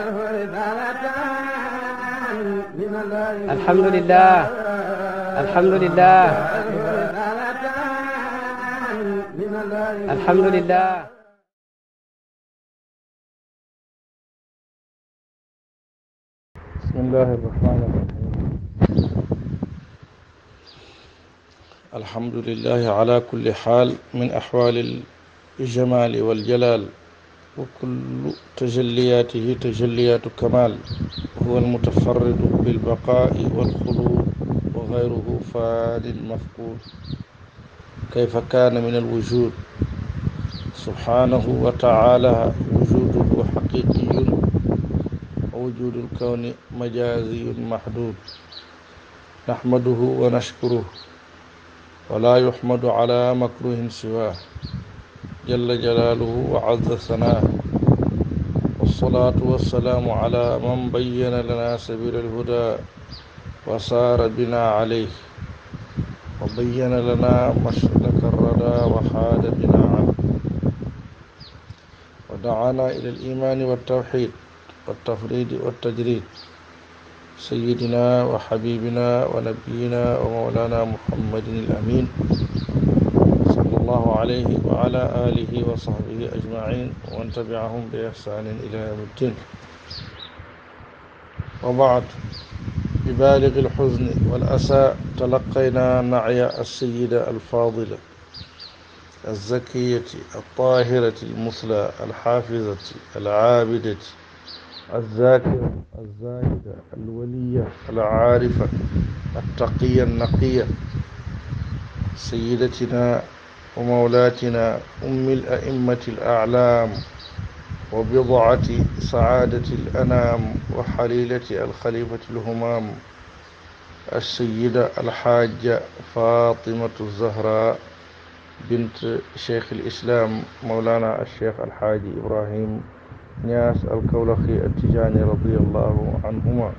alhamdulilah alhamdulilah alhamdulilah. bismillahi rahmaani rahiim alhamdulilah ala kulli xaal min axwaali al jamaali wal jalaal. wa kullu tajalliyaatihi tajalliyaatu kamaal huwa almutafarridu bilbaqaa'i walxuluud wa gayruhu faanin mafquud kayfa kaana min alwujuud subhaanahu wa tacaala wujuuduhu xaqiiqiyun wa wujuudu alkawni majaaziyun maxduud naxmaduhu wa nashkuruhu wa laa yuxmadu calaa makruhin siwaah jalla jalaaluhu wa azza sanaa wassalaatu wassalaamu ala man bayyana lana sabiila alhudaa wa saara bina alayh wa bayyana lana maslaka arradaa wa haada bina an wa daana ila alimaani waltawxid waltafriidi waltajriid sayyidina wa xabibina wa nabiyina wa mawlaana muhammadin alamin alayhi wa ala alihi wa sahbihi ajmain wa man tabiahum bi ihsanin ila yaum ddin wa baad ببالغ الحزن والأساء تلقينا نعي السيدة الفاضلة الزكية الطاهرة المثلى الحافظة العابدة الذاكرة الزاهدة الولية العارفة التقية النقية سيدتنا ومولاتنا أم الأئمة الأعلام وبضعة سعادة الأنام وحليلة الخليفة الهمام السيدة الحاجة فاطمة الزهراء بنت شيخ الإسلام مولانا الشيخ الحاج إبراهيم نياس الكولخي التجاني رضي الله عنهما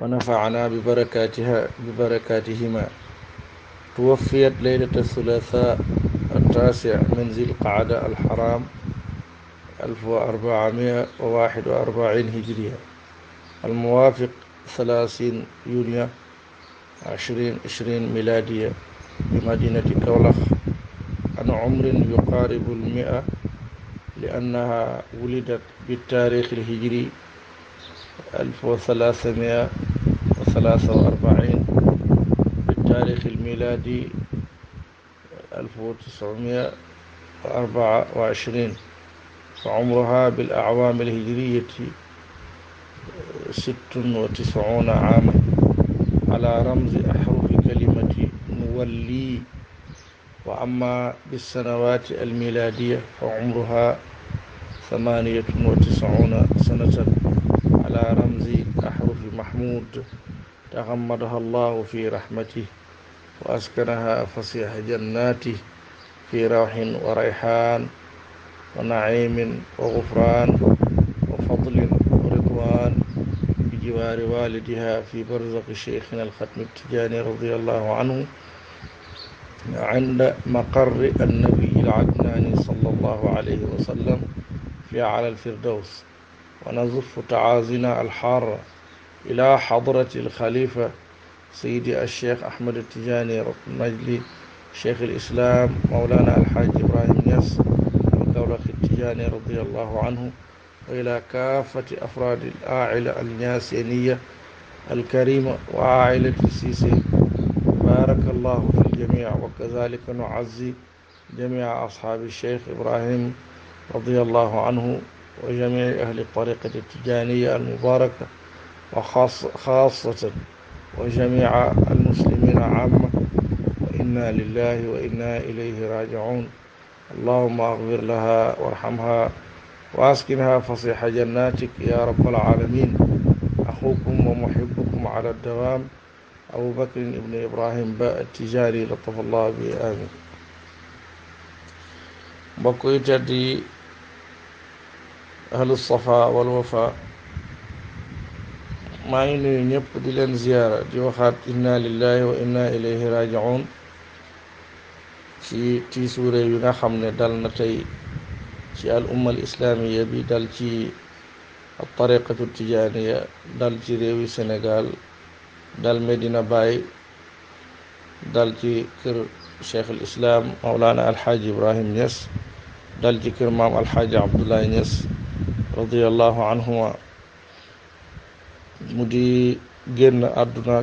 ونفعنا ببركاتها ببركاتهما توفيت ليلة الثلاثاء التاسع من ذي القعدة الحرام 1441 هجرية الموافق 30 يونيو 2020 ميلادية بمدينة كولخ عن عمر يقارب المئة لأنها ولدت بالتاريخ الهجري 1343 بالتاريخ ميلادي ألف وتسعمائة وأربعة وعشرين وعمرها بالأعوام الهجرية ست وتسعون عاما على رمز أحرف كلمة مولي وأما بالسنوات الميلادية فعمرها ثمانية وتسعون سنة على رمز أحرف محمود تغمدها الله في رحمته وأسكنها فسيح جناته في روح وريحان ونعيم وغفران وفضل ورضوان بجوار والدها في برزق شيخنا الختم التجاني رضي الله عنه عند مقر النبي العدناني صلى الله عليه وسلم في على الفردوس ونزف تعازينا الحارة إلى حضرة الخليفة سيدي الشيخ أحمد التجاني رب النجلي شيخ الإسلام مولانا الحاج إبراهيم نياس الدولة التجاني رضي الله عنه وإلى كافة أفراد الآعلة النياسينية الكريمة وعائلة السيسي بارك الله في الجميع وكذلك نعزي جميع أصحاب الشيخ إبراهيم رضي الله عنه وجميع أهل الطريقة التجانية المباركة وخاصة wa jamiica almuslimiina caama wa inna lillahi wa inna ilayhi raajicuun allahuma agfir laha warxamha wa askinha fasiixa jannatik ya rabb alcaalamiin axuukum wa muxibukum cala addawaam abu bakrin ibnu ibrahim ba tijaani latafa allah bi amin mbokk yu tedd yi ahlu safa walwafa maa ngi ñëpp di leen ziyaara di waxaat inna lillahi wa inna ilayhi ci tiisu réew yi nga xam ne dal na tey ci al umma al bi dal ci al tariqatu tijaaniya dal ci réewi Sénégal dal Medina Baye dal ci kër cheikh al Mawlana Alxaaji Ibrahim Niass dal ci kër maam Alxaaji Abdoulaye Niass radiyallahu anhuma mu di génn àdduna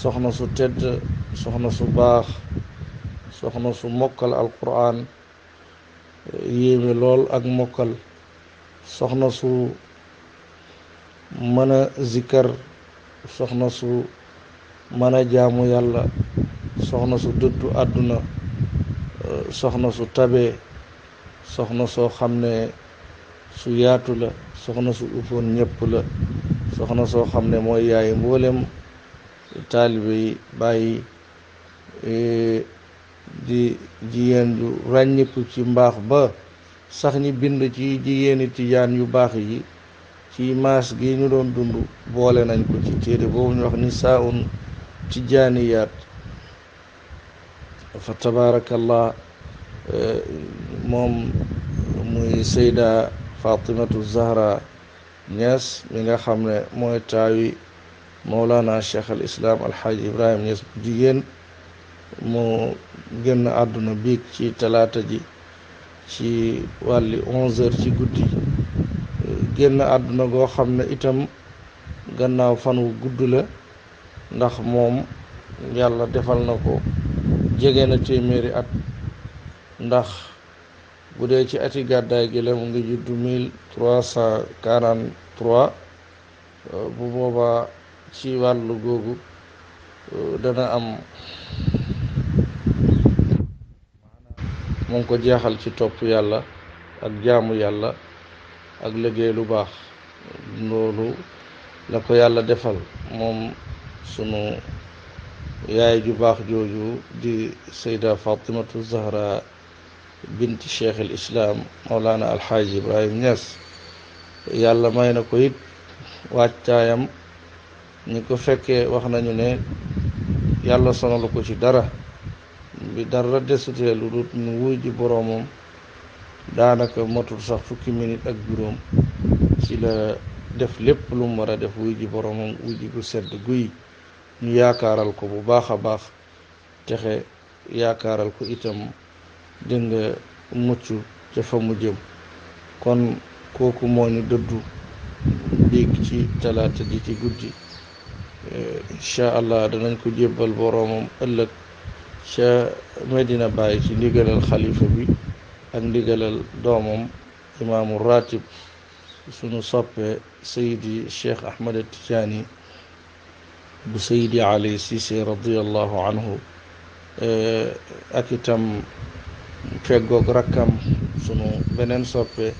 soxna su tedd soxna su baax soxna su mokkal alquran yéeme lool ak mokkal soxna su mën a zikkar soxna su mën a jaamu yàlla soxna su dëddu àdduna soxna su tabe soxna soo xam ne su yaatula soxna su ufoon ñëpp soxna soo xam ne mooy yaay mboolem taalibe yi bàyyi e, di jigéen ju ràññiku ci mbaax ba sax ñi bind ci jigéeni tijaan yu baax yi ci maas gi ñu doon dund boole nañ ko ci téere boobu ñu wax ni saaun tijaaniyaat fa tabaarakallah e, moom muy sayda fatimatu zahra ñees mi nga xam ne mooy taawi Mawlana Cheikh al Islam Alxaaji Ibrahima Ñees bu jigéen moo génn àdduna biig ci talaata ji ci wàlli onze ci guddi génn àdduna goo xam ne itam gannaaw fan wu gudd la ndax moom yàlla defal na ko jege na téeméeri at ndax bu dee ci ati gàddaay gi mu ngi juddu mille trois cent quarante euh, bu boobaa ci wàllu googu euh, dana am mu ngi ko jeexal ci topp yàlla ak jaamu yàlla ak liggéey lu baax loolu la ko yàlla defal moom sunu yaay ju baax jooju di sayda fatimatu zahra bint cheikh al islaam moolaana alxaaji ibrahim ñas yàlla may na ko yit wàccaayam ñu ko fekkee wax nañu ne yàlla sonalu ko ci dara bi dara desutee lu dut mu wuy ji boroomam daanaka matul sax fukki minit ak juróom ci la def lépp lu mu war a def wuy ji boroomam gu sedd guy ñu yaakaaral ko bu baax a baax texe yaakaaral ko itam dégg nga mucc ca fa mu jëm kon kooku moo ñu dëddu biig ci talaata ji ci guddi eh, incha allah danañ ko jébbal boroomam ëllëg ca Medina Baye ci ndigalal xalifa bi ak ndigalal doomam imaamu ratib sunu soppe saydi cheikh ahmad tijaani bu saydi ali sise radiallahu anhu eh, ak feggoog rakkam sunu beneen soppe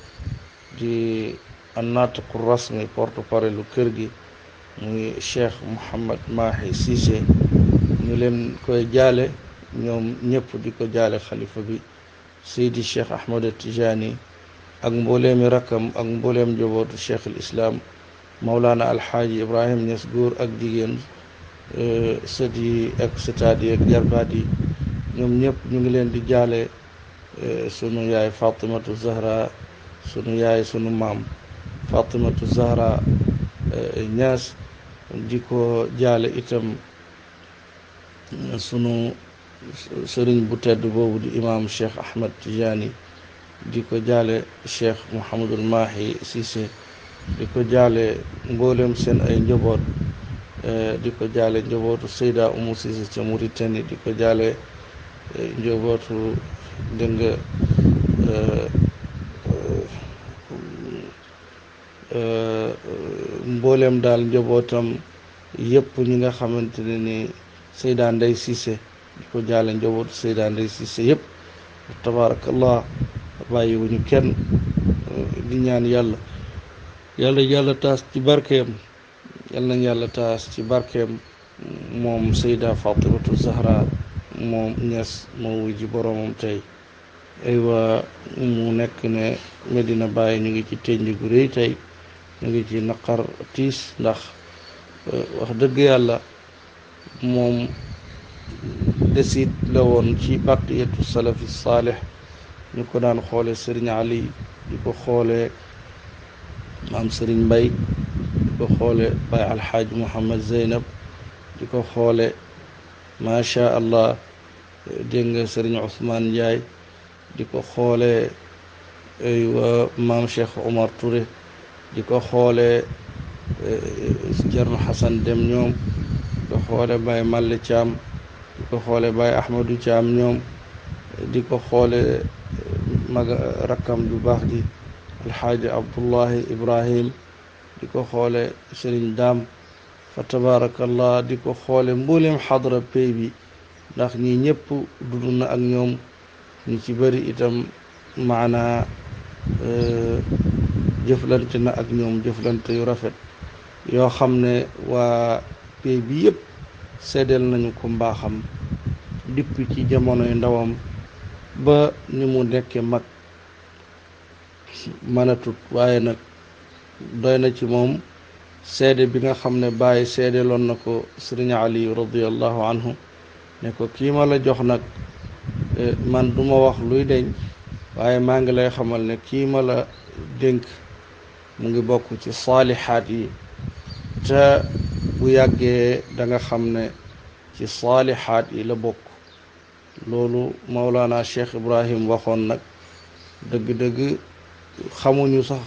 di annatiqu rasmi porte parole kër gi muy cheikh Mouhamed Mahi Cissé ñu leen koy jaale ñoom ñëpp di ko jaale xalifa bi seydi cheikh Ahmed Tijani ak mbooleemi rakkam ak mbooleem jobootu cheikh al islam Mawlana Alxaaji Ibrahim Ñas góor ak jigéen euh, sët yi ak sëtaat yi ak jarbaat yi ñoom ñu leen di jaale. Eh, sunu yaay fatimatu zahra sunu yaay sunu maam fatimatu zahra ñaas eh, di ko jaale itam eh, sunu sëriñ bu tedd boobu di imaam cheikh ahmad tijaani di ko jaale cheikh mouhamadul maahi Cissé di ko jaale mboolem seen ay njaboot di ko jaale njabootu Seyda Umu Cissé ca Mauritanie jaale njabootu dégg nga euh, euh, mbooleem daal njabootam yëpp ñu nga xamante ne ni Seyda Ndeye Cissé di ko jaale njabootu Seyda Ndeye Cissé yëpp tabaarakallah bàyyiwuñu kenn euh, di ñaan yàlla yàlla yàlla taas ci barkeem yàlla nañ yàlla taas ci barkeem moom Seyda Fatimatu Zahra moom ñes moo wuy ji tey aywa mu nekk ne Medina Baye ñu ngi ci tënj gu rëy tey ñu ngi ci naqar tiis ndax euh, wax dëgg yàlla moom desit la woon ci baqiyatu salafi saalih ñu ko daan xoole sëriñ Ali di ko xoole maam sëriñ Mbay di ko xoole Baye Alxaaji Muhammad Zeynab di ko xoole macha allah dégg nga sëriñ Ousmane Ndiaye di ko xoolee waa maam Cheikh Omar Touré di ko xoolee eh, Thierno Hassan Dem ñoom di ko xoolee Baye Malle Thiam di ko xoolee Baye Ahmadou Thiam ñoom di ko xoole eh, mag rakkam ju baax ji alxaaji Abdullahi Ibrahim di ko xoolee sëriñ Daam fa tabaarakallah di ko xoolee mboolem xadra pay bi ndax ñii ñëpp dund na ak ñoom ñu ci bari itam maanaa euh, jëflante na ak ñoom jëflante yu rafet yoo xam ne waa pays bi yëpp seddeel nañu ko mbaaxam dippi ci jamonoy ndawam ba ni mu nekke mag mënatut waaye nag doy na ci moom seede bi nga xam ne bàyyi seedeeloon na ko sëriñ Ali radiyallahu anhu ne ko kii ma la jox nag eh, man du ma wax luy deñ waaye maa ngi lay xamal ne kii ma la dénk mu ngi bokk ci saalixaat yi te bu yàggee da nga xam ne ci saalixaat yi la bokk loolu Maulana Cheikh Ibrahim waxoon nag dëgg-dëgg xamuñu sax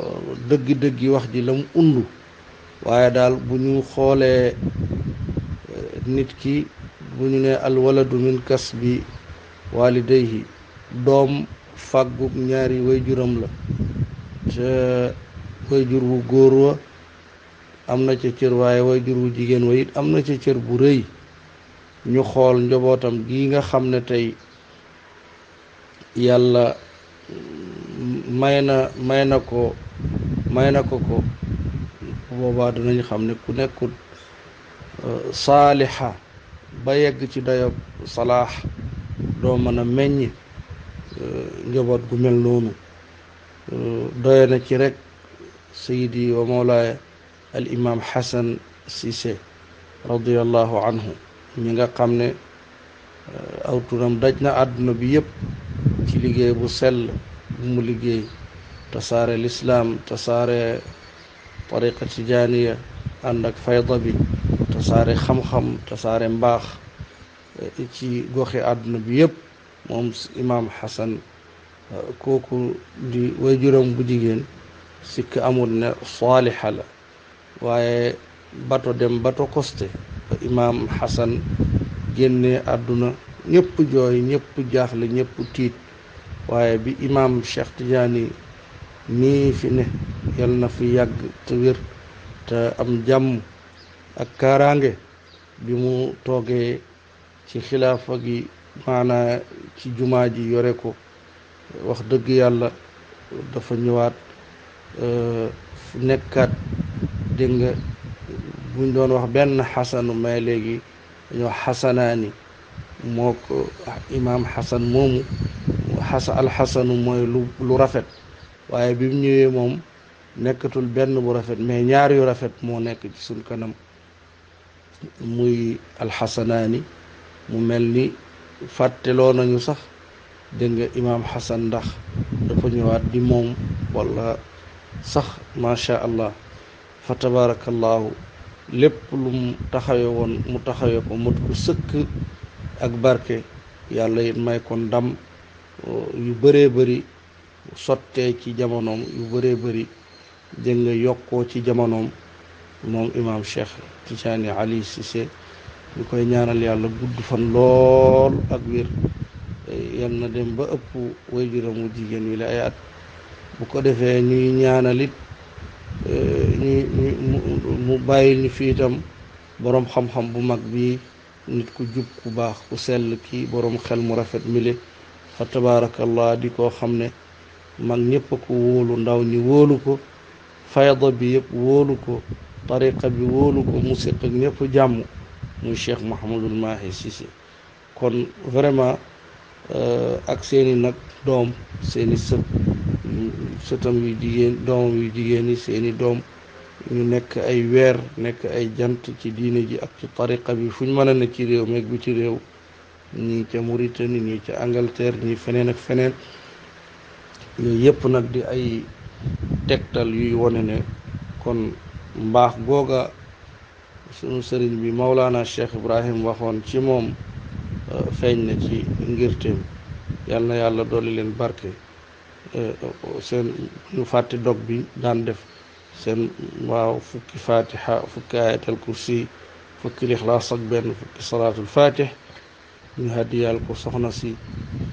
eh, dëgg-dëgg wax ji la mu undu waaye daal bu ñu xoolee nit ki bu ñu ne alwaladu min kasbi walidayhi doom fàggu ñaari wayjuram la te wayjur wu góor wa am na ca cër waaye wayjur wu jigéen wa it am na ca cër bu rëy ñu xool njobootam gi nga xam ne tey yàlla may na may na ko may na ko ko boobaa dinañ xam ne ku nekkut saaliha ba yegg ci dayob salaax doo mën a meññ eh, njaboot gu mel noonu eh, doy na ci rek sayidi wa mawlaaya al imam xasan Cissé radiallahu anhu ñi nga xam ne eh, aw turam daj na àdduna bi yëpp ci liggéey bu sell mu liggéey tasaare lislaam tasaare tariqa tijaaniya ànd ak fayda bi tasaare xam-xam tasaare mbaax eh, ci goxi àdduna bi yëpp moom imaam Xasan eh, kooku di waajuram bu jigéen sikk amul ne saalixa la waaye bato dem bato costé imaam Xasan génnee àdduna ñëpp jooy ñëpp jaaxle ñëpp tiit waaye bi imaam Cheikh Tidiane nii fi ne yal fi yàgg te wér te am jàmm ak kaaraange bi mu toogee ci xilaafa gi maanaa ci jumaa ji yore ko wax dëgg yàlla dafa ñëwaat euh, nekkaat dégg nga buñ doon wax benn xasanu may léegi dañoo xasanaani moo ko imaam xasan moomu xasa mooy lu rafet waaye bi mu ñëwee moom nekkatul benn bu rafet mais ñaar yu rafet moo nekk ci suñ kanam muy alxasanaani mu mel ni fàtteloo nañu sax dégg nga imaam xasan ndax dafa ñëwaat di moom wala sax macha allah fa tabaarakallaahu lépp lu mu taxawe woon mu taxawe ko mot ko sëkk ak barke yàlla yit may ko ndam uh, yu bëree bëri sottee ci jamonoom yu bëree bari dégg nga yokkoo ci jamonoom moom imaam Cheikh Tidiane Ali Cissé ñu koy ñaanal yàlla gudd fan lool ak wér yal na dem ba ëpp wayjuram wu jigéen wi la ay bu ko defee ñuy ñaanalit ñu mu bàyyi ñu fi itam boroom xam-xam bu mag bi nit ku jub ku baax ku sell ki boroom xel mu rafet mile fa tabaarakallah di koo xam ne mag ñëpp a ko ndaw ñu wóolu ko fayda bi yëpp wóolu ko tariqa bi wóolu ko mu siq ak jàmm muy cheikh mahamadul maahi Cissé kon vraiment euh, ak seeni nag doom seeni sët sëtam yu jigéen doomam yu jigéen seeni doom ñu nekk ay weer nekk ay jant ci diine ji ak ci tariqa bi fu ñu mën a ne ci réew meeg bi ci réew ñii ca Mauritanie ñii ci Angleterre ñii feneen ak feneen yooyu yëpp nag di ay tegtal yuy wone ne kon mbaax googa sunu sëriñ bi Mawlana Cheikh Ibrahim waxoon ci moom euh, feeñ na ci ngirteem yal na yàlla dolli leen barke euh, seen ñu fàtte dog bi daan def seen waaw fukki fatiha fukki ayatal kursi fukki lixlaas ak benn fukki salaatul fatih ñu hadiyal ko soxna si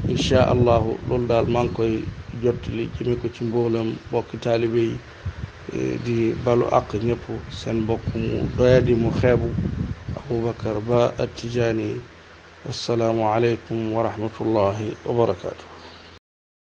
incha allahu loolu daal maa ngi koy jottali jëme ko ci mboolam mbokki taalibe yi Eh, di balu àq ñëpp seen mbokk mu doyadi mu xeebu Aboubacar Ba at-Tijaani assalaamu aleykum wa rahmatullahi wa barakaatu.